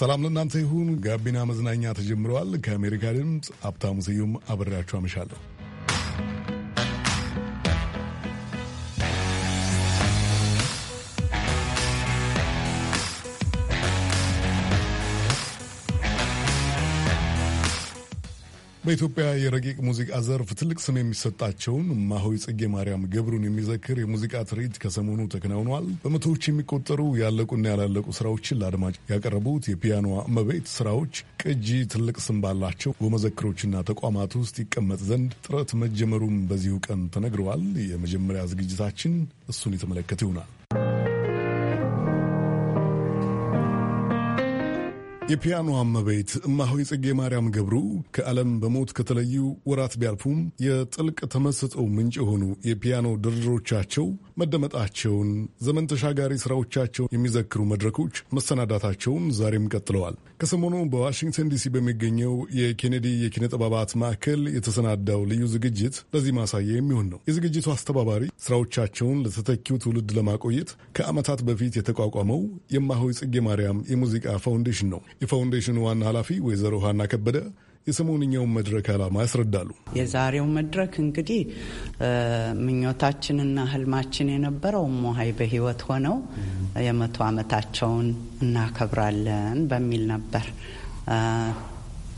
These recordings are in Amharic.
ሰላም ለእናንተ ይሁን። ጋቢና መዝናኛ ተጀምረዋል። ከአሜሪካ ድምፅ ሀብታሙ ስዩም አብሬያችሁ አመሻለሁ። በኢትዮጵያ የረቂቅ ሙዚቃ ዘርፍ ትልቅ ስም የሚሰጣቸውን ማሆይ ጽጌ ማርያም ገብሩን የሚዘክር የሙዚቃ ትርኢት ከሰሞኑ ተከናውኗል። በመቶዎች የሚቆጠሩ ያለቁና ያላለቁ ስራዎችን ለአድማጭ ያቀረቡት የፒያኖ እመቤት ስራዎች ቅጂ ትልቅ ስም ባላቸው በመዘክሮችና ተቋማት ውስጥ ይቀመጥ ዘንድ ጥረት መጀመሩም በዚሁ ቀን ተነግረዋል። የመጀመሪያ ዝግጅታችን እሱን የተመለከተ ይሆናል። የፒያኖ እመቤት እማሆይ ጽጌ ማርያም ገብሩ ከዓለም በሞት ከተለዩ ወራት ቢያልፉም የጥልቅ ተመስጦ ምንጭ የሆኑ የፒያኖ ድርድሮቻቸው መደመጣቸውን፣ ዘመን ተሻጋሪ ስራዎቻቸውን የሚዘክሩ መድረኮች መሰናዳታቸውን ዛሬም ቀጥለዋል። ከሰሞኑ በዋሽንግተን ዲሲ በሚገኘው የኬኔዲ የኪነ ጥበባት ማዕከል የተሰናዳው ልዩ ዝግጅት ለዚህ ማሳያ የሚሆን ነው። የዝግጅቱ አስተባባሪ ስራዎቻቸውን ለተተኪው ትውልድ ለማቆየት ከዓመታት በፊት የተቋቋመው የማሆይ ጽጌ ማርያም የሙዚቃ ፋውንዴሽን ነው። የፋውንዴሽኑ ዋና ኃላፊ ወይዘሮ ሃና ከበደ የሰሞንኛውን መድረክ ዓላማ ያስረዳሉ። የዛሬው መድረክ እንግዲህ ምኞታችንና ህልማችን የነበረው ሞሀይ በህይወት ሆነው የመቶ ዓመታቸውን እናከብራለን በሚል ነበር።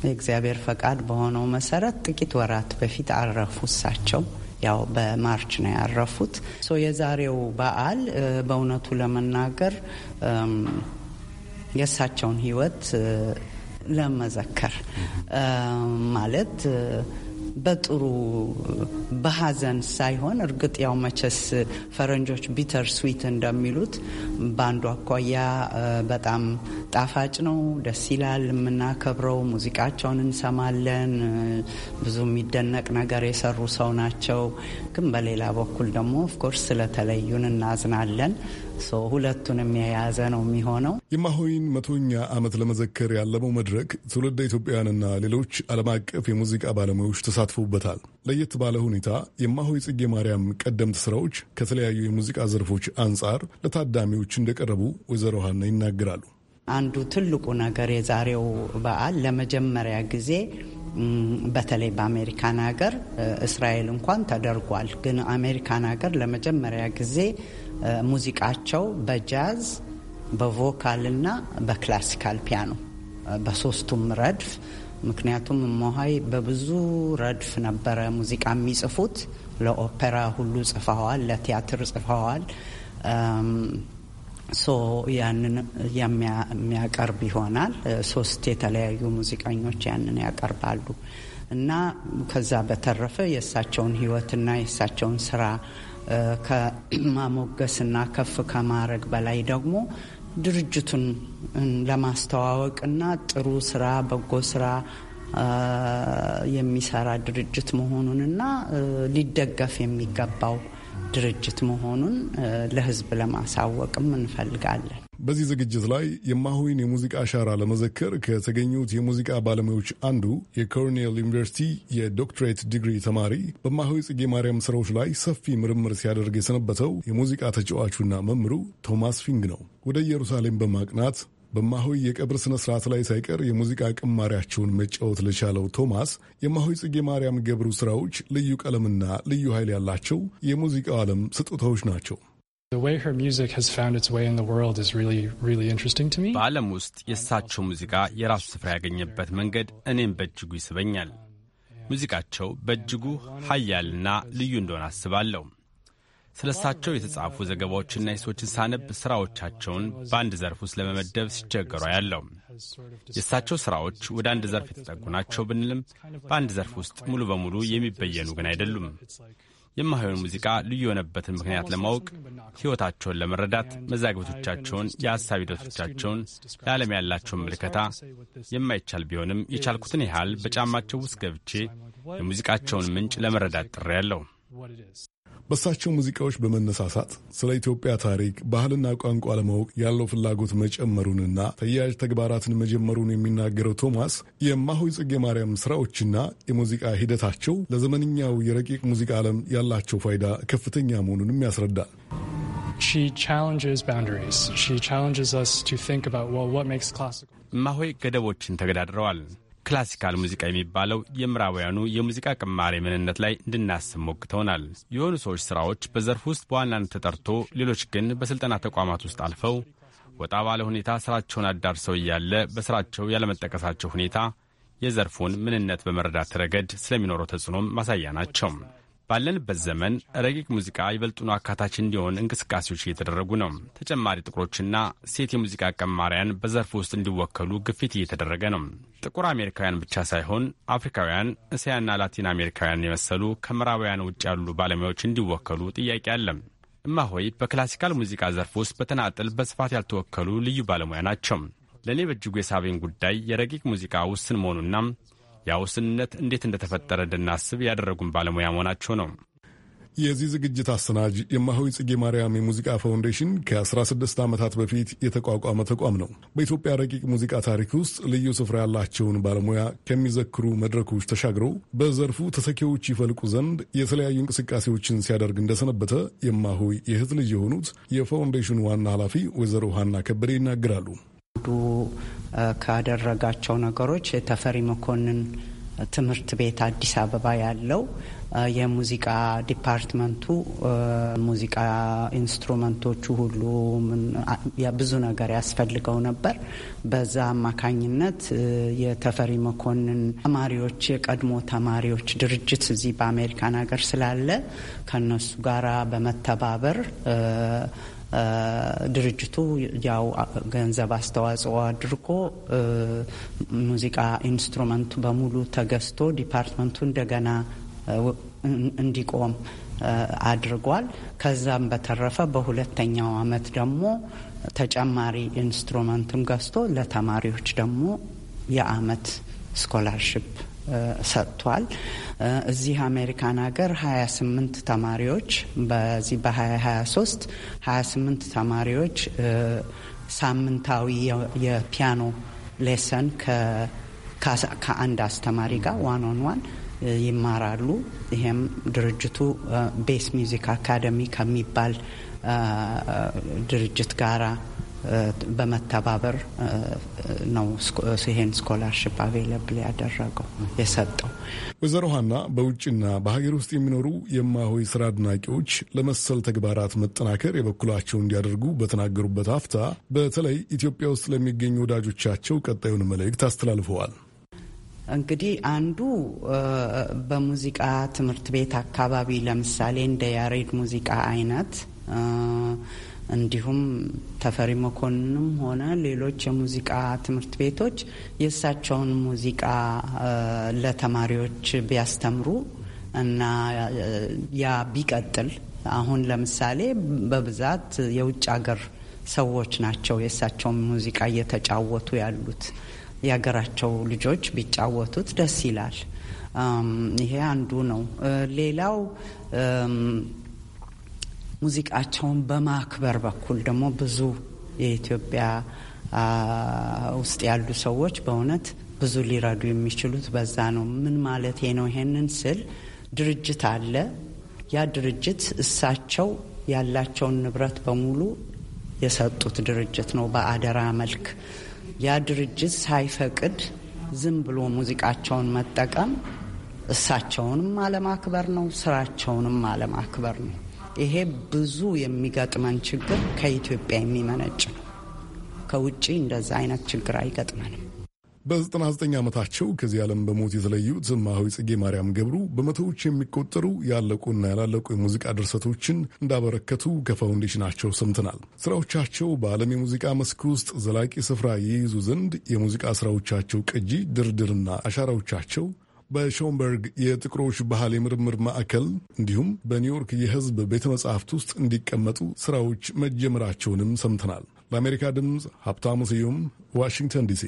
የእግዚአብሔር ፈቃድ በሆነው መሰረት ጥቂት ወራት በፊት አረፉ እሳቸው። ያው በማርች ነው ያረፉት። ሶ የዛሬው በዓል በእውነቱ ለመናገር የእሳቸውን ህይወት ለመዘከር ማለት በጥሩ በሀዘን ሳይሆን እርግጥ ያው መቼስ ፈረንጆች ቢተር ስዊት እንደሚሉት በአንዱ አኳያ በጣም ጣፋጭ ነው፣ ደስ ይላል፣ የምናከብረው ሙዚቃቸውን እንሰማለን፣ ብዙ የሚደነቅ ነገር የሰሩ ሰው ናቸው። ግን በሌላ በኩል ደግሞ ኦፍኮርስ ስለተለዩን እናዝናለን። ሁለቱንም የያዘ ነው የሚሆነው። የማሆይን መቶኛ ዓመት ለመዘከር ያለመው መድረክ ትውልደ ኢትዮጵያውያንና ሌሎች ዓለም አቀፍ የሙዚቃ ባለሙያዎች ተሳትፎበታል። ለየት ባለ ሁኔታ የማሆይ ጽጌ ማርያም ቀደምት ስራዎች ከተለያዩ የሙዚቃ ዘርፎች አንጻር ለታዳሚዎች እንደቀረቡ ወይዘሮ ሀና ይናገራሉ። አንዱ ትልቁ ነገር የዛሬው በዓል ለመጀመሪያ ጊዜ በተለይ በአሜሪካን ሀገር፣ እስራኤል እንኳን ተደርጓል፣ ግን አሜሪካን ሀገር ለመጀመሪያ ጊዜ ሙዚቃቸው በጃዝ በቮካልና በክላሲካል ፒያኖ በሶስቱም ረድፍ ምክንያቱም ሞሀይ በብዙ ረድፍ ነበረ ሙዚቃ የሚጽፉት። ለኦፔራ ሁሉ ጽፈዋል፣ ለቲያትር ጽፈዋል። ሶ ያንን የሚያቀርብ ይሆናል። ሶስት የተለያዩ ሙዚቀኞች ያንን ያቀርባሉ እና ከዛ በተረፈ የእሳቸውን ህይወትና የእሳቸውን ስራ ከማሞገስና ከፍ ከማድረግ በላይ ደግሞ ድርጅቱን ለማስተዋወቅና ጥሩ ስራ፣ በጎ ስራ የሚሰራ ድርጅት መሆኑንና ሊደገፍ የሚገባው ድርጅት መሆኑን ለሕዝብ ለማሳወቅም እንፈልጋለን። በዚህ ዝግጅት ላይ የማሆይን የሙዚቃ አሻራ ለመዘከር ከተገኙት የሙዚቃ ባለሙያዎች አንዱ የኮርኔል ዩኒቨርሲቲ የዶክትሬት ዲግሪ ተማሪ በማሆይ ጽጌ ማርያም ስራዎች ላይ ሰፊ ምርምር ሲያደርግ የሰነበተው የሙዚቃ ተጫዋቹና መምሩ ቶማስ ፊንግ ነው። ወደ ኢየሩሳሌም በማቅናት በማሆይ የቀብር ስነ ስርዓት ላይ ሳይቀር የሙዚቃ ቅማሪያቸውን መጫወት ለቻለው ቶማስ የማሆይ ጽጌ ማርያም ገብሩ ስራዎች ልዩ ቀለምና ልዩ ኃይል ያላቸው የሙዚቃው ዓለም ስጦታዎች ናቸው። በዓለም ውስጥ የእሳቸው ሙዚቃ የራሱ ስፍራ ያገኘበት መንገድ እኔም በእጅጉ ይስበኛል። ሙዚቃቸው በእጅጉ ኃያልና ልዩ እንደሆነ አስባለሁ። ስለ እሳቸው የተጻፉ ዘገባዎችና ሂሶችን ሳነብ ሥራዎቻቸውን በአንድ ዘርፍ ውስጥ ለመመደብ ሲቸገሩ ያለው የእሳቸው ሥራዎች ወደ አንድ ዘርፍ የተጠጉ ናቸው ብንልም በአንድ ዘርፍ ውስጥ ሙሉ በሙሉ የሚበየኑ ግን አይደሉም። የማይሆን ሙዚቃ ልዩ የሆነበትን ምክንያት ለማወቅ ሕይወታቸውን ለመረዳት መዛግብቶቻቸውን፣ የሐሳብ ሂደቶቻቸውን፣ ለዓለም ያላቸውን ምልከታ የማይቻል ቢሆንም የቻልኩትን ያህል በጫማቸው ውስጥ ገብቼ የሙዚቃቸውን ምንጭ ለመረዳት ጥሬ ያለው በእሳቸው ሙዚቃዎች በመነሳሳት ስለ ኢትዮጵያ ታሪክ፣ ባህልና ቋንቋ ለማወቅ ያለው ፍላጎት መጨመሩንና ተያያዥ ተግባራትን መጀመሩን የሚናገረው ቶማስ የማሆይ ጽጌ ማርያም ስራዎችና የሙዚቃ ሂደታቸው ለዘመንኛው የረቂቅ ሙዚቃ ዓለም ያላቸው ፋይዳ ከፍተኛ መሆኑንም ያስረዳል። እማሆይ ገደቦችን ተገዳድረዋል። ክላሲካል ሙዚቃ የሚባለው የምዕራባውያኑ የሙዚቃ ቅማሬ ምንነት ላይ እንድናስብ ሞግተውናል። የሆኑ ሰዎች ሥራዎች በዘርፍ ውስጥ በዋናነት ተጠርቶ፣ ሌሎች ግን በሥልጠና ተቋማት ውስጥ አልፈው ወጣ ባለ ሁኔታ ሥራቸውን አዳርሰው እያለ በሥራቸው ያለመጠቀሳቸው ሁኔታ የዘርፉን ምንነት በመረዳት ረገድ ስለሚኖረው ተጽዕኖም ማሳያ ናቸው። ባለንበት ዘመን ረቂቅ ሙዚቃ ይበልጡኑ አካታች እንዲሆን እንቅስቃሴዎች እየተደረጉ ነው። ተጨማሪ ጥቁሮችና ሴት የሙዚቃ ቀማሪያን በዘርፍ ውስጥ እንዲወከሉ ግፊት እየተደረገ ነው። ጥቁር አሜሪካውያን ብቻ ሳይሆን አፍሪካውያን፣ እስያና ላቲን አሜሪካውያን የመሰሉ ከምዕራባውያን ውጭ ያሉ ባለሙያዎች እንዲወከሉ ጥያቄ አለ። እማሆይ በክላሲካል ሙዚቃ ዘርፍ ውስጥ በተናጠል በስፋት ያልተወከሉ ልዩ ባለሙያ ናቸው። ለእኔ በእጅጉ የሳቤን ጉዳይ የረቂቅ ሙዚቃ ውስን መሆኑና ያ ውስንነት እንዴት እንደተፈጠረ እንድናስብ ያደረጉን ባለሙያ መሆናቸው ነው። የዚህ ዝግጅት አሰናጅ የማሆይ ጽጌ ማርያም የሙዚቃ ፋውንዴሽን ከ16 ዓመታት በፊት የተቋቋመ ተቋም ነው። በኢትዮጵያ ረቂቅ ሙዚቃ ታሪክ ውስጥ ልዩ ስፍራ ያላቸውን ባለሙያ ከሚዘክሩ መድረኮች ተሻግረው በዘርፉ ተተኪዎች ይፈልቁ ዘንድ የተለያዩ እንቅስቃሴዎችን ሲያደርግ እንደሰነበተ የማሆይ የእህት ልጅ የሆኑት የፋውንዴሽኑ ዋና ኃላፊ ወይዘሮ ሀና ከበደ ይናገራሉ። አንዱ ካደረጋቸው ነገሮች የተፈሪ መኮንን ትምህርት ቤት አዲስ አበባ ያለው የሙዚቃ ዲፓርትመንቱ ሙዚቃ ኢንስትሩመንቶቹ ሁሉ ብዙ ነገር ያስፈልገው ነበር። በዛ አማካኝነት የተፈሪ መኮንን ተማሪዎች የቀድሞ ተማሪዎች ድርጅት እዚህ በአሜሪካን ሀገር ስላለ ከነሱ ጋራ በመተባበር ድርጅቱ ያው ገንዘብ አስተዋጽኦ አድርጎ ሙዚቃ ኢንስትሩመንቱ በሙሉ ተገዝቶ ዲፓርትመንቱ እንደገና እንዲቆም አድርጓል። ከዛም በተረፈ በሁለተኛው አመት ደግሞ ተጨማሪ ኢንስትሩመንትም ገዝቶ ለተማሪዎች ደግሞ የአመት ስኮላርሽፕ ሰጥቷል። እዚህ አሜሪካን ሀገር 28 ተማሪዎች በዚህ በ2023 28 ተማሪዎች ሳምንታዊ የፒያኖ ሌሰን ከአንድ አስተማሪ ጋር ዋን ኦን ዋን ይማራሉ። ይሄም ድርጅቱ ቤስ ሚውዚክ አካደሚ ከሚባል ድርጅት ጋራ በመተባበር ነው ይሄን ስኮላርሽፕ አቬለብል ያደረገው የሰጠው። ወይዘሮ ሀና በውጭና በሀገር ውስጥ የሚኖሩ የማሆይ ስራ አድናቂዎች ለመሰል ተግባራት መጠናከር የበኩላቸው እንዲያደርጉ በተናገሩበት አፍታ በተለይ ኢትዮጵያ ውስጥ ለሚገኙ ወዳጆቻቸው ቀጣዩን መልእክት አስተላልፈዋል። እንግዲህ አንዱ በሙዚቃ ትምህርት ቤት አካባቢ ለምሳሌ እንደ ያሬድ ሙዚቃ አይነት እንዲሁም ተፈሪ መኮንንም ሆነ ሌሎች የሙዚቃ ትምህርት ቤቶች የእሳቸውን ሙዚቃ ለተማሪዎች ቢያስተምሩ እና ያ ቢቀጥል አሁን ለምሳሌ በብዛት የውጭ አገር ሰዎች ናቸው የእሳቸውን ሙዚቃ እየተጫወቱ ያሉት። የሀገራቸው ልጆች ቢጫወቱት ደስ ይላል። ይሄ አንዱ ነው። ሌላው ሙዚቃቸውን በማክበር በኩል ደግሞ ብዙ የኢትዮጵያ ውስጥ ያሉ ሰዎች በእውነት ብዙ ሊረዱ የሚችሉት በዛ ነው። ምን ማለት ነው? ይሄንን ስል ድርጅት አለ። ያ ድርጅት እሳቸው ያላቸውን ንብረት በሙሉ የሰጡት ድርጅት ነው በአደራ መልክ። ያ ድርጅት ሳይፈቅድ ዝም ብሎ ሙዚቃቸውን መጠቀም እሳቸውንም አለማክበር ነው፣ ስራቸውንም አለማክበር ነው። ይሄ ብዙ የሚገጥመን ችግር ከኢትዮጵያ የሚመነጭ ነው። ከውጭ እንደዛ አይነት ችግር አይገጥመንም። በ99 ዓመታቸው ከዚህ ዓለም በሞት የተለዩት ማዊ ጽጌ ማርያም ገብሩ በመቶዎች የሚቆጠሩ ያለቁና ያላለቁ የሙዚቃ ድርሰቶችን እንዳበረከቱ ከፋውንዴሽናቸው ሰምተናል። ስራዎቻቸው በዓለም የሙዚቃ መስክ ውስጥ ዘላቂ ስፍራ ይይዙ ዘንድ የሙዚቃ ስራዎቻቸው ቅጂ ድርድርና አሻራዎቻቸው በሾምበርግ የጥቁሮች ባህል የምርምር ማዕከል እንዲሁም በኒውዮርክ የህዝብ ቤተ መጻሕፍት ውስጥ እንዲቀመጡ ስራዎች መጀመራቸውንም ሰምተናል። ለአሜሪካ ድምፅ ሀብታሙ ስዩም ዋሽንግተን ዲሲ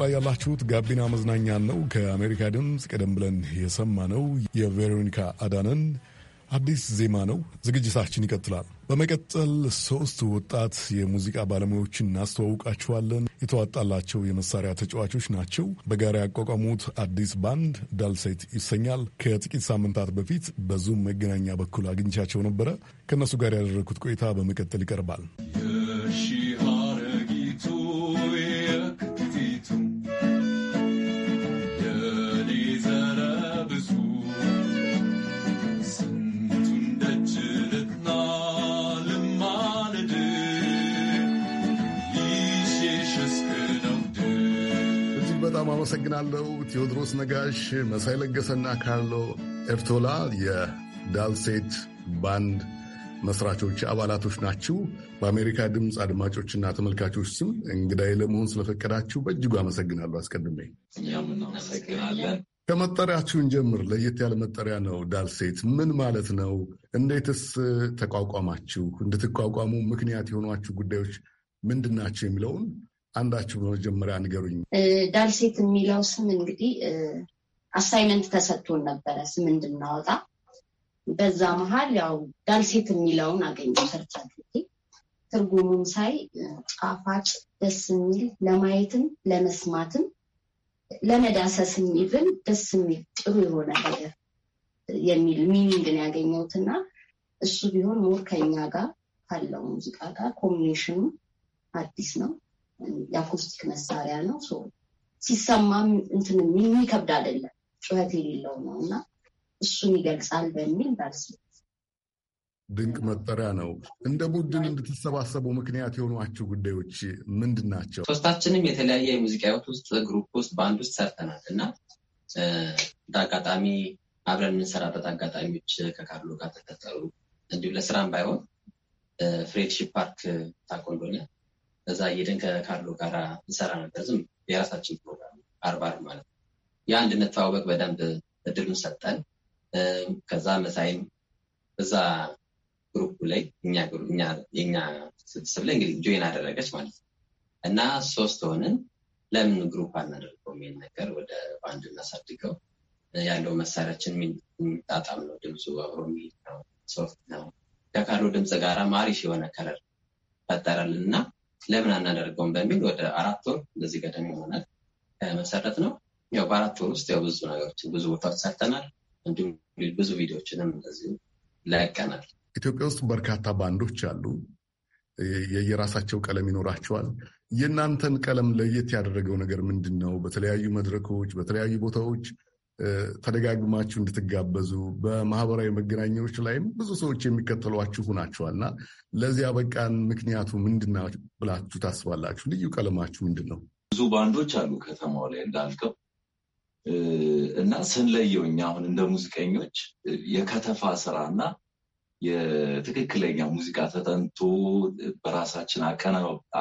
ላይ ያላችሁት ጋቢና መዝናኛ ነው። ከአሜሪካ ድምፅ ቀደም ብለን የሰማነው የቬሮኒካ አዳነን አዲስ ዜማ ነው። ዝግጅታችን ይቀጥላል። በመቀጠል ሶስት ወጣት የሙዚቃ ባለሙያዎችን እናስተዋውቃችኋለን። የተዋጣላቸው የመሳሪያ ተጫዋቾች ናቸው። በጋራ ያቋቋሙት አዲስ ባንድ ዳልሴት ይሰኛል። ከጥቂት ሳምንታት በፊት በዙም መገናኛ በኩል አግኝቻቸው ነበረ። ከእነሱ ጋር ያደረግኩት ቆይታ በመቀጠል ይቀርባል። አመሰግናለሁ። ቴዎድሮስ ነጋሽ፣ መሳይ ለገሰና ካርሎ ኤርቶላ የዳልሴት ባንድ መስራቾች አባላቶች ናችሁ። በአሜሪካ ድምፅ አድማጮችና ተመልካቾች ስም እንግዳይ ለመሆን ስለፈቀዳችሁ በእጅጉ አመሰግናለሁ። አስቀድሜ ከመጠሪያችሁን ጀምር። ለየት ያለ መጠሪያ ነው። ዳልሴት ምን ማለት ነው? እንዴትስ ተቋቋማችሁ? እንድትቋቋሙ ምክንያት የሆኗችሁ ጉዳዮች ምንድን ናቸው የሚለውን አንዳችሁ በመጀመሪያ ንገሩኝ። ዳልሴት የሚለው ስም እንግዲህ አሳይመንት ተሰጥቶን ነበረ ስም እንድናወጣ። በዛ መሀል ያው ዳልሴት የሚለውን አገኘው ሰርች ትርጉሙን ሳይ ጣፋጭ፣ ደስ የሚል ለማየትም ለመስማትም ለመዳሰስ ይብን ደስ የሚል ጥሩ የሆነ ነገር የሚል ሚኒንግን ያገኘሁትና እሱ ቢሆን ሞር ከኛ ጋር ካለው ሙዚቃ ጋር ኮምቢኔሽኑ አዲስ ነው። የአኩስቲክ መሳሪያ ነው። ሲሰማ እንትን የሚከብድ አይደለም፣ ጩኸት የሌለው ነው እና እሱን ይገልጻል በሚል ባልስ ድንቅ መጠሪያ ነው። እንደ ቡድን እንድትሰባሰቡ ምክንያት የሆኗቸው ጉዳዮች ምንድን ናቸው? ሶስታችንም የተለያየ የሙዚቃ ህይወት ውስጥ ግሩፕ ውስጥ በአንድ ውስጥ ሰርተናል እና እንደ አጋጣሚ አብረን የምንሰራበት አጋጣሚዎች ከካርሎ ጋር ተፈጠሩ። እንዲሁም ለስራም ባይሆን ፍሬድሺፕ ፓርክ ታቆሎነ ከዛ እየደን ከካርሎ ጋር እንሰራ ነበር። ዝም የራሳችን ፕሮግራም አርባር ማለት ነው። የአንድነት እንድንተዋወቅ በደንብ እድሉን ሰጠን። ከዛ መሳይም እዛ ግሩፕ ላይ የእኛ ስብስብ ላይ እንግዲህ ጆይን አደረገች ማለት ነው እና ሶስት ሆንን። ለምን ግሩፕ አናደርገው የሚል ነገር ወደ ባንድ እናሳድገው ያለው መሳሪያችን የሚጣጣም ነው። ድምፁ አብሮ የሚሄድ ነው። ሶፍት ነው። ከካርሎ ድምፅ ጋራ ማሪሽ የሆነ ከረር ፈጠረልን እና ለምን አናደርገውም በሚል ወደ አራት ወር እንደዚህ ገደም ይሆናል መሰረት ነው። ያው በአራት ወር ውስጥ ያው ብዙ ነገሮች ብዙ ቦታዎች ሰርተናል። እንዲሁም ብዙ ቪዲዮችንም እንደዚሁ ላያቀናል። ኢትዮጵያ ውስጥ በርካታ ባንዶች አሉ። የየራሳቸው ቀለም ይኖራቸዋል። የእናንተን ቀለም ለየት ያደረገው ነገር ምንድን ነው? በተለያዩ መድረኮች፣ በተለያዩ ቦታዎች ተደጋግማችሁ እንድትጋበዙ በማህበራዊ መገናኛዎች ላይም ብዙ ሰዎች የሚከተሏችሁ ሆናችኋልና ለዚያ በቃን ምክንያቱ ምንድና ብላችሁ ታስባላችሁ? ልዩ ቀለማችሁ ምንድን ነው? ብዙ ባንዶች አሉ ከተማው ላይ እንዳልከው እና ስንለየው እኛ አሁን እንደ ሙዚቀኞች የከተፋ ስራና የትክክለኛ ሙዚቃ ተጠንቶ በራሳችን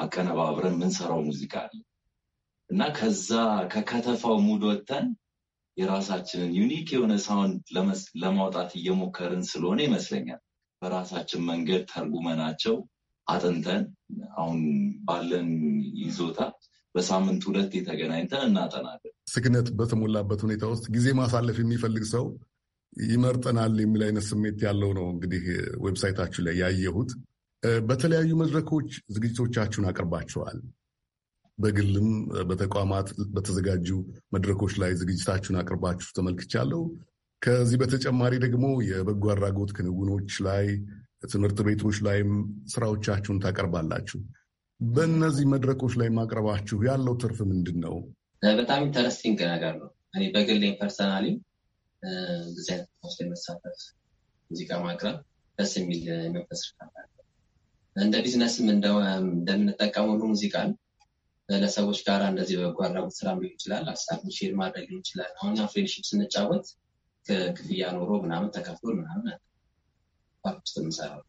አቀነባብረን የምንሰራው ሙዚቃ አለ እና ከዛ ከከተፋው ሙድ ወጥተን የራሳችንን ዩኒክ የሆነ ሳውንድ ለማውጣት እየሞከርን ስለሆነ ይመስለኛል በራሳችን መንገድ ተርጉመናቸው አጥንተን አሁን ባለን ይዞታ በሳምንት ሁለት የተገናኝተን እናጠናለን። ስክነት በተሞላበት ሁኔታ ውስጥ ጊዜ ማሳለፍ የሚፈልግ ሰው ይመርጠናል የሚል አይነት ስሜት ያለው ነው። እንግዲህ ዌብሳይታችሁ ላይ ያየሁት በተለያዩ መድረኮች ዝግጅቶቻችሁን አቅርባችኋል። በግልም በተቋማት በተዘጋጁ መድረኮች ላይ ዝግጅታችሁን አቅርባችሁ ተመልክቻለሁ። ከዚህ በተጨማሪ ደግሞ የበጎ አድራጎት ክንውኖች ላይ፣ ትምህርት ቤቶች ላይም ስራዎቻችሁን ታቀርባላችሁ። በእነዚህ መድረኮች ላይ ማቅረባችሁ ያለው ትርፍ ምንድን ነው? በጣም ኢንተረስቲንግ ነገር ነው። እኔ በግሌም ፐርሰናሊ ብዙ አይነት ሙዚቃ ማቅረብ ደስ የሚል መንፈስ እንደ ቢዝነስም እንደምንጠቀም ሙዚቃን ለሰዎች ጋር እንደዚህ በጎ አድራጎት ስራም ሊሆን ይችላል፣ ሀሳብን ሼር ማድረግ ሊሆን ይችላል። አሁን ፍሬንድሺፕ ስንጫወት ክፍያ ኖሮ ምናምን ተከፍሎ ምናምን ፓርክ ውስጥ የምንሰራው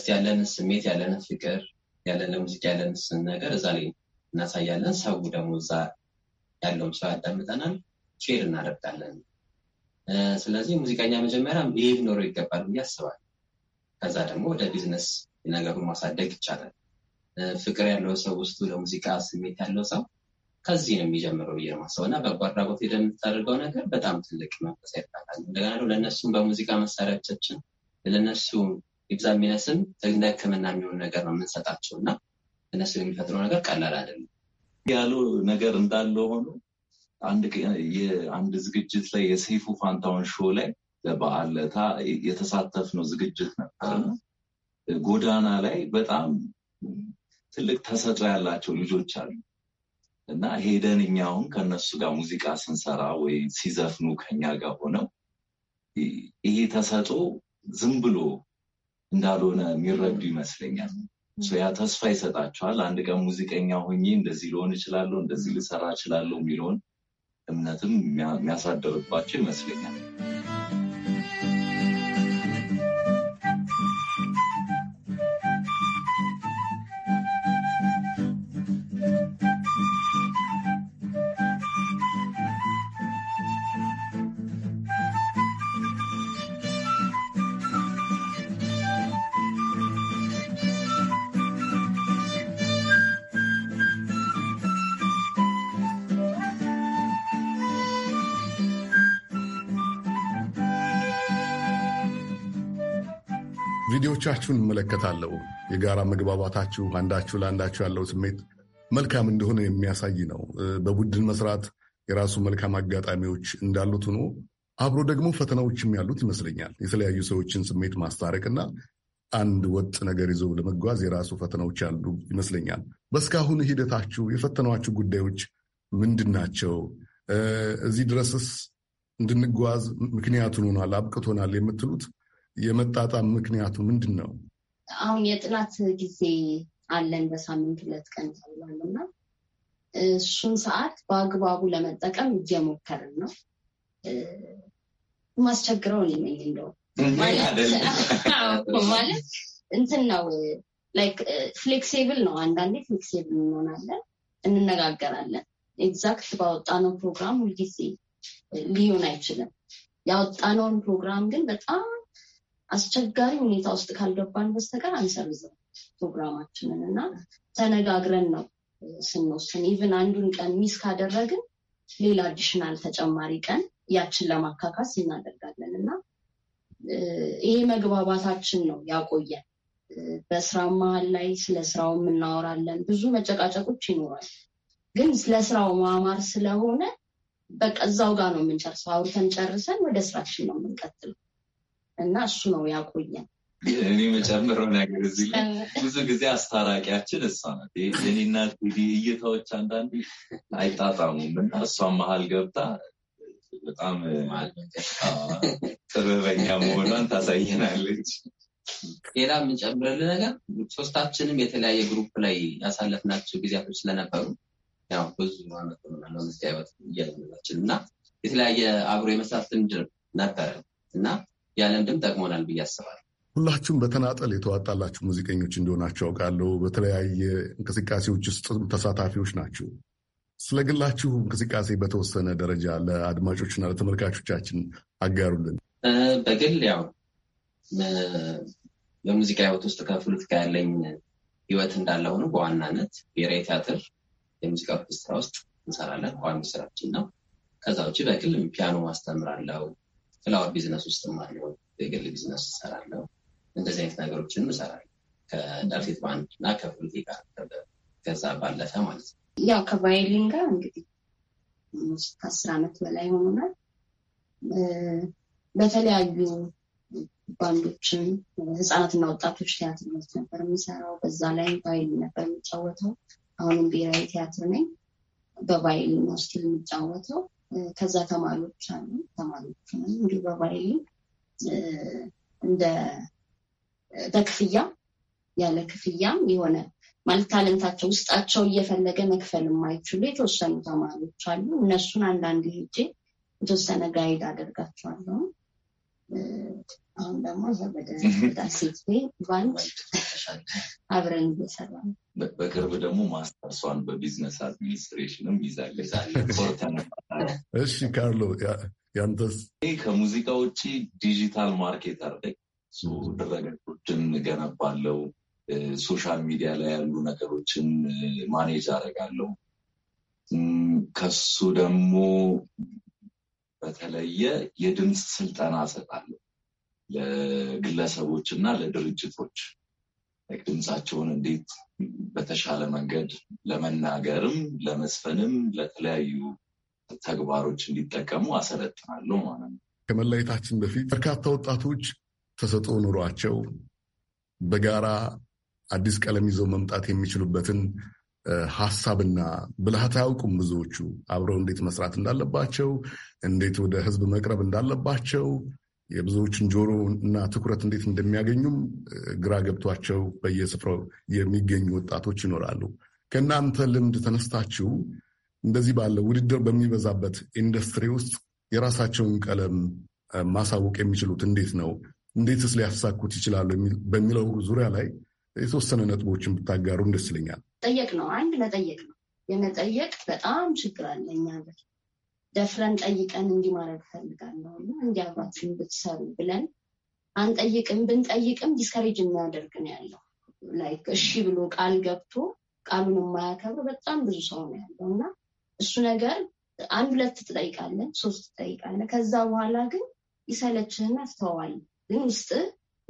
ስ ያለንን ስሜት ያለንን ፍቅር ያለን ለሙዚቃ ያለን ስን ነገር እዛ ላይ እናሳያለን። ሰው ደግሞ እዛ ያለውን ሰው ያዳምጠናል፣ ሼር እናደርጋለን። ስለዚህ ሙዚቀኛ መጀመሪያ ይህ ኖሮ ይገባል ብዬ አስባለሁ። ከዛ ደግሞ ወደ ቢዝነስ ነገሩን ማሳደግ ይቻላል። ፍቅር ያለው ሰው ውስጡ ለሙዚቃ ስሜት ያለው ሰው ከዚህ ነው የሚጀምረው ብዬ ነው የማስበው እና በጎ አድራጎት ሄደን የምታደርገው ነገር በጣም ትልቅ መንፈስ ይባላል። እንደገና ደግሞ ለእነሱም በሙዚቃ መሳሪያዎቻችን ለእነሱ ይብዛ የሚነስም እንደ ሕክምና የሚሆን ነገር ነው የምንሰጣቸው እና እነሱ የሚፈጥረው ነገር ቀላል አይደለም ያሉ ነገር እንዳለ ሆኖ አንድ ዝግጅት ላይ የሰይፉ ፋንታውን ሾ ላይ ለበዓል ለታ የተሳተፍነው ዝግጅት ነበር። ጎዳና ላይ በጣም ትልቅ ተሰጥኦ ያላቸው ልጆች አሉ እና ሄደን እኛውን ከነሱ ጋር ሙዚቃ ስንሰራ ወይ ሲዘፍኑ ከኛ ጋር ሆነው ይሄ ተሰጦ ዝም ብሎ እንዳልሆነ የሚረዱ ይመስለኛል። ያ ተስፋ ይሰጣቸዋል። አንድ ቀን ሙዚቀኛ ሆኜ እንደዚህ ልሆን እችላለሁ፣ እንደዚህ ልሰራ እችላለሁ የሚለውን እምነትም የሚያሳደርባቸው ይመስለኛል። ብዙዎቻችሁን እመለከታለሁ። የጋራ መግባባታችሁ፣ አንዳችሁ ለአንዳችሁ ያለው ስሜት መልካም እንደሆነ የሚያሳይ ነው። በቡድን መስራት የራሱ መልካም አጋጣሚዎች እንዳሉት ሆኖ አብሮ ደግሞ ፈተናዎችም ያሉት ይመስለኛል። የተለያዩ ሰዎችን ስሜት ማስታረቅና አንድ ወጥ ነገር ይዞ ለመጓዝ የራሱ ፈተናዎች ያሉ ይመስለኛል። በእስካሁን ሂደታችሁ የፈተኗችሁ ጉዳዮች ምንድን ናቸው? እዚህ ድረስስ እንድንጓዝ ምክንያቱን ሆናል አብቅቶናል የምትሉት የመጣጣም ምክንያቱ ምንድን ነው? አሁን የጥናት ጊዜ አለን በሳምንት ሁለት ቀን ተብሏል እና እሱን ሰዓት በአግባቡ ለመጠቀም እየሞከርን ነው። ማስቸግረው እኔ ነኝ እንደው ማለት እንትን ነው ላይክ ፍሌክሲብል ነው። አንዳንዴ ፍሌክሲብል እንሆናለን፣ እንነጋገራለን። ኤግዛክት ባወጣነው ፕሮግራም ሁልጊዜ ሊሆን አይችልም። ያወጣነውን ፕሮግራም ግን በጣም አስቸጋሪ ሁኔታ ውስጥ ካልገባን በስተቀር አንሰርዝም ፕሮግራማችንን እና ተነጋግረን ነው ስንወስን ኢቭን አንዱን ቀን ሚስ ካደረግን ሌላ አዲሽናል ተጨማሪ ቀን ያችን ለማካካስ እናደርጋለን እና ይሄ መግባባታችን ነው ያቆየን። በስራ መሀል ላይ ስለ ስራው እናወራለን። ብዙ መጨቃጨቆች ይኖራል፣ ግን ስለ ስራው ማማር ስለሆነ በቃ እዛው ጋር ነው የምንጨርሰው። አውርተን ጨርሰን ወደ ስራችን ነው የምንቀጥለው። እና እሱ ነው ያቆየን። እኔ መጨምረው ነገር እዚህ ላይ ብዙ ጊዜ አስታራቂያችን እሷ ናት። እኔና እይታዎች አንዳንዴ አይጣጣሙም እና እሷ መሀል ገብታ በጣም ጥበበኛ መሆኗን ታሳየናለች። ሌላ የምንጨምርልን ነገር ሶስታችንም የተለያየ ግሩፕ ላይ ያሳለፍናቸው ጊዜያቶች ስለነበሩ ያው ብዙ ማለት ነው መስያ ህይወት እና የተለያየ አብሮ የመስራት ልምድ ነበረ እና ያለን ድምፅ ጠቅሞናል ብዬ አስባለሁ። ሁላችሁም በተናጠል የተዋጣላችሁ ሙዚቀኞች እንደሆናችሁ አውቃለሁ። በተለያየ እንቅስቃሴዎች ውስጥ ተሳታፊዎች ናችሁ። ስለ ግላችሁ እንቅስቃሴ በተወሰነ ደረጃ ለአድማጮችና ለተመልካቾቻችን አጋሩልን። በግል ያው በሙዚቃ ህይወት ውስጥ ከፖለቲካ ያለኝ ህይወት እንዳለ ሆኖ በዋናነት ብሔራዊ ቲያትር የሙዚቃ ኦርኬስትራ ውስጥ እንሰራለን። ዋና ስራችን ነው። ከዛ ውጭ በግል ፒያኖ አስተምራለሁ። ክላውድ ቢዝነስ ውስጥ አለው። የግል ቢዝነስ እሰራለሁ። እንደዚህ አይነት ነገሮችንም እሰራለሁ ከዳልሴት ባንድ እና ከፍልጌ ጋር ከዛ ባለፈ ማለት ነው። ያው ከቫይሊን ጋር እንግዲህ ከአስር ዓመት በላይ ሆኖናል። በተለያዩ ባንዶችን ህፃናትና ወጣቶች ቲያትር ቤት ነበር የሚሰራው። በዛ ላይ ቫይሊን ነበር የሚጫወተው። አሁንም ብሔራዊ ቲያትር ነኝ። በቫይሊን ነው ስቲል የሚጫወተው ከዛ ተማሪዎች አሉ። ተማሪዎች እንዲሁ በባይሌ እንደ በክፍያ ያለ ክፍያ የሆነ ማለት ታለንታቸው ውስጣቸው እየፈለገ መክፈል የማይችሉ የተወሰኑ ተማሪዎች አሉ። እነሱን አንዳንድ ሄጄ የተወሰነ ጋይድ አደርጋቸዋለሁ። አሁን ደግሞ ዘመደ ሴት ባንድ አብረን እየሰራ ነው። በቅርብ ደግሞ ማስተርሷን በቢዝነስ አድሚኒስትሬሽንም ይዛለች። እሺ ካርሎ ያንተስ? ከሙዚቃ ውጭ ዲጂታል ማርኬት አርደኝ ድረገጾችን ገነባለው፣ ሶሻል ሚዲያ ላይ ያሉ ነገሮችን ማኔጅ አደርጋለሁ። ከሱ ደግሞ በተለየ የድምፅ ስልጠና እሰጣለሁ። ለግለሰቦች እና ለድርጅቶች ድምፃቸውን እንዴት በተሻለ መንገድ ለመናገርም ለመስፈንም ለተለያዩ ተግባሮች እንዲጠቀሙ አሰለጥናለሁ ማለት ነው። ከመለየታችን በፊት በርካታ ወጣቶች ተሰጦ ኑሯቸው በጋራ አዲስ ቀለም ይዘው መምጣት የሚችሉበትን ሀሳብና ብልሃት አያውቁም። ብዙዎቹ አብረው እንዴት መስራት እንዳለባቸው፣ እንዴት ወደ ህዝብ መቅረብ እንዳለባቸው የብዙዎችን ጆሮ እና ትኩረት እንዴት እንደሚያገኙም ግራ ገብቷቸው በየስፍራው የሚገኙ ወጣቶች ይኖራሉ። ከእናንተ ልምድ ተነስታችሁ እንደዚህ ባለ ውድድር በሚበዛበት ኢንዱስትሪ ውስጥ የራሳቸውን ቀለም ማሳወቅ የሚችሉት እንዴት ነው? እንዴትስ ሊያሳኩት ይችላሉ? በሚለው ዙሪያ ላይ የተወሰነ ነጥቦችን ብታጋሩ ደስ ይለኛል። ጠየቅ ነው አንድ መጠየቅ ነው። የመጠየቅ በጣም ችግር አለ እኛ ደፍረን ጠይቀን እንዲህ ማድረግ ፈልጋለሁ እና እንዲያብራችሁ ብትሰሩ ብለን አንጠይቅም። ብንጠይቅም ዲስከሬጅ የሚያደርግ ነው ያለው። ላይክ እሺ ብሎ ቃል ገብቶ ቃሉን የማያከብር በጣም ብዙ ሰው ነው ያለው እና እሱ ነገር አንድ ሁለት ትጠይቃለህ፣ ሶስት ትጠይቃለህ። ከዛ በኋላ ግን ይሰለችህና ትተዋል። ግን ውስጥ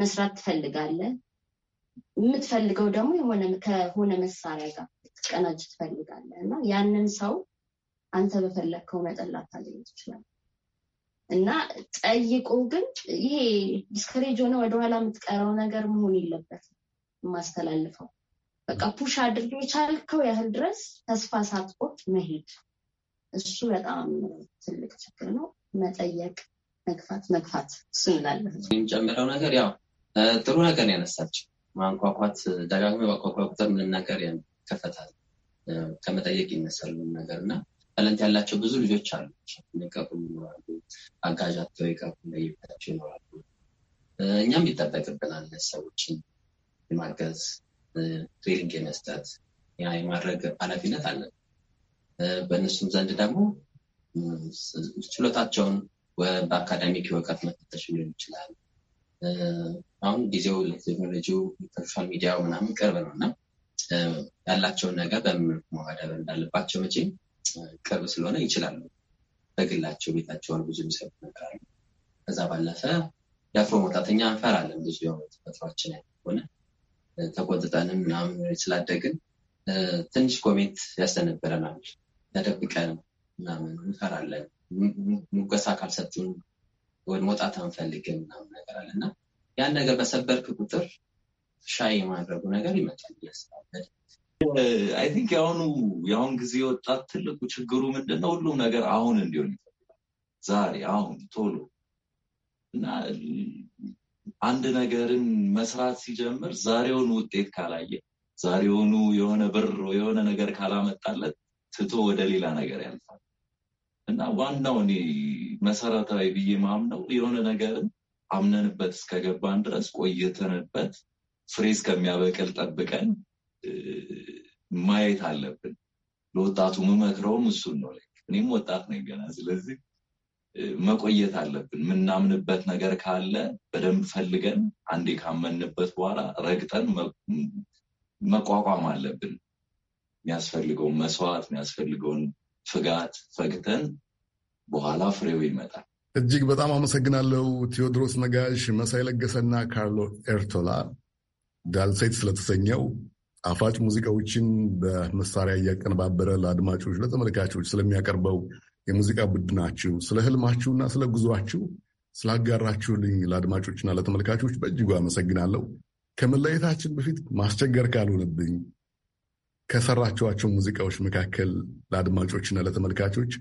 መስራት ትፈልጋለህ። የምትፈልገው ደግሞ ከሆነ መሳሪያ ጋር ትቀናጅ ትፈልጋለህ እና ያንን ሰው አንተ በፈለግከው መጠን ላታገኝ ትችላል እና ጠይቆ ግን ይሄ ዲስከሬጅ ሆነ ወደኋላ የምትቀረው ነገር መሆን የለበት የማስተላልፈው በቃ ፑሽ አድርጌ የቻልከው ያህል ድረስ ተስፋ ሳትቆርጥ መሄድ፣ እሱ በጣም ትልቅ ችግር ነው። መጠየቅ፣ መግፋት፣ መግፋት እሱ እንላለን። የሚጨምረው ነገር ያው ጥሩ ነገር ያነሳችው ማንኳኳት፣ ደጋግሞ ማንኳኳ ቁጥር ምንም ነገር ከፈታል ከመጠየቅ ይነሳል ነገር እና ታለንት ያላቸው ብዙ ልጆች አሉ። ሚቀፉ ይኖራሉ፣ አጋዣቸው ይቀፉ እንደየቤታቸው ይኖራሉ። እኛም ይጠበቅብናል ሰዎችን የማገዝ ትሬኒንግ የመስጠት የማድረግ ኃላፊነት አለ። በእነሱም ዘንድ ደግሞ ችሎታቸውን በአካዳሚክ እውቀት መፈተሽ ሊሆን ይችላል። አሁን ጊዜው ለቴክኖሎጂው ሶሻል ሚዲያው ምናምን ቅርብ ነው እና ያላቸውን ነገር በምን ማዳበር እንዳለባቸው መቼም ቅርብ ስለሆነ ይችላሉ። በግላቸው ቤታቸውን ብዙ የሚሰሩ ነገር ከዛ ባለፈ የአፍሮ መውጣተኛ እንፈራለን። ብዙ የሆነ ተፈጥሯችን ሆነ ተቆጥጠንም ምናምን ስላደግን ትንሽ ኮሜት ያስተነበረናል። ተደብቀን ምናምን እንፈራለን። ሙገሳ ካልሰጡን ወደ መውጣት አንፈልግም ምናምን ነገር አለ እና ያን ነገር በሰበርክ ቁጥር ሻይ የማድረጉ ነገር ይመጣል። አይ ቲንክ የአሁኑ የአሁን ጊዜ ወጣት ትልቁ ችግሩ ምንድን ነው? ሁሉም ነገር አሁን እንዲሆን ይፈልጋል። ዛሬ፣ አሁን፣ ቶሎ እና አንድ ነገርን መስራት ሲጀምር ዛሬውን ውጤት ካላየ፣ ዛሬውኑ የሆነ ብር የሆነ ነገር ካላመጣለት ትቶ ወደ ሌላ ነገር ያልፋል እና ዋናው እኔ መሰረታዊ ብዬ ማምነው የሆነ ነገርን አምነንበት እስከገባን ድረስ ቆይተንበት ፍሬ እስከሚያበቅል ጠብቀን ማየት አለብን። ለወጣቱ ምመክረውም እሱን ነው። እኔም ወጣት ነኝ ገና። ስለዚህ መቆየት አለብን። የምናምንበት ነገር ካለ በደንብ ፈልገን አንዴ ካመንበት በኋላ ረግጠን መቋቋም አለብን። የሚያስፈልገውን መስዋዕት፣ የሚያስፈልገውን ፍጋት ፈግተን በኋላ ፍሬው ይመጣል። እጅግ በጣም አመሰግናለሁ። ቴዎድሮስ ነጋሽ፣ መሳይ ለገሰና ካርሎ ኤርቶላ ዳልሴት ስለተሰኘው ጣፋጭ ሙዚቃዎችን በመሳሪያ እያቀነባበረ ለአድማጮች ለተመልካቾች ስለሚያቀርበው የሙዚቃ ቡድናችሁ ስለ ህልማችሁና ስለ ጉዟችሁ ስላጋራችሁልኝ ለአድማጮችና ለተመልካቾች በእጅጉ አመሰግናለሁ። ከመለየታችን በፊት ማስቸገር ካልሆነብኝ ከሰራችኋቸው ሙዚቃዎች መካከል ለአድማጮችና ለተመልካቾች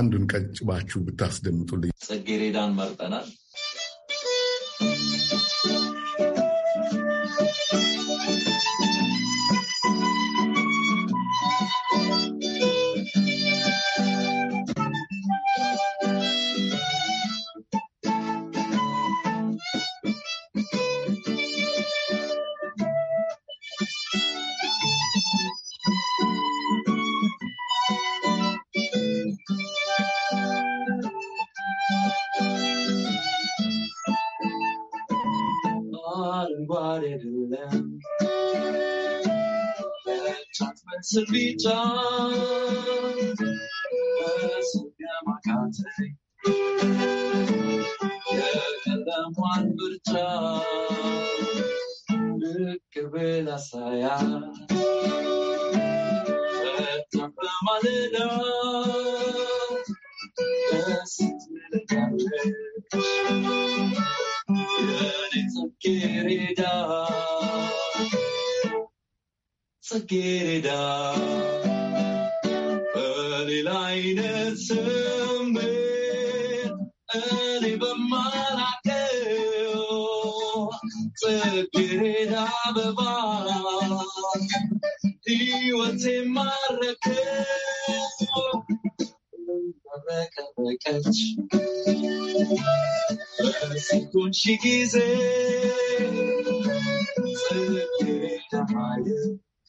አንዱን ቀጭባችሁ ብታስደምጡልኝ። ጽጌሬዳን መርጠናል። Thank you. to be done. Yes, my contact. Kedemwan berjalan ke bela saya Tetap bermalina Kesitilakannya Jadi terkiri dah ጽጌረዳ በሌላ አይነት ስሜት እኔ በማላቀው ጽጌረዳ አበባ ሕይወቴ ማረከው ረቀረቀች በሲኮንሺ ጊዜ ጽጌረዳ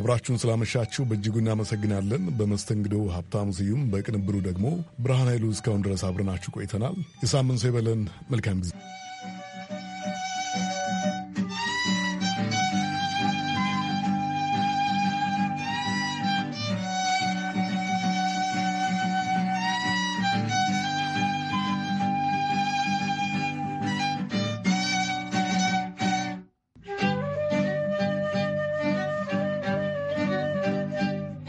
አብራችሁን ስላመሻችሁ በእጅጉ እናመሰግናለን። በመስተንግዶ ሀብታሙ ስዩም፣ በቅንብሩ ደግሞ ብርሃን ኃይሉ። እስካሁን ድረስ አብረናችሁ ቆይተናል። የሳምንት ሰው ይበለን። መልካም ጊዜ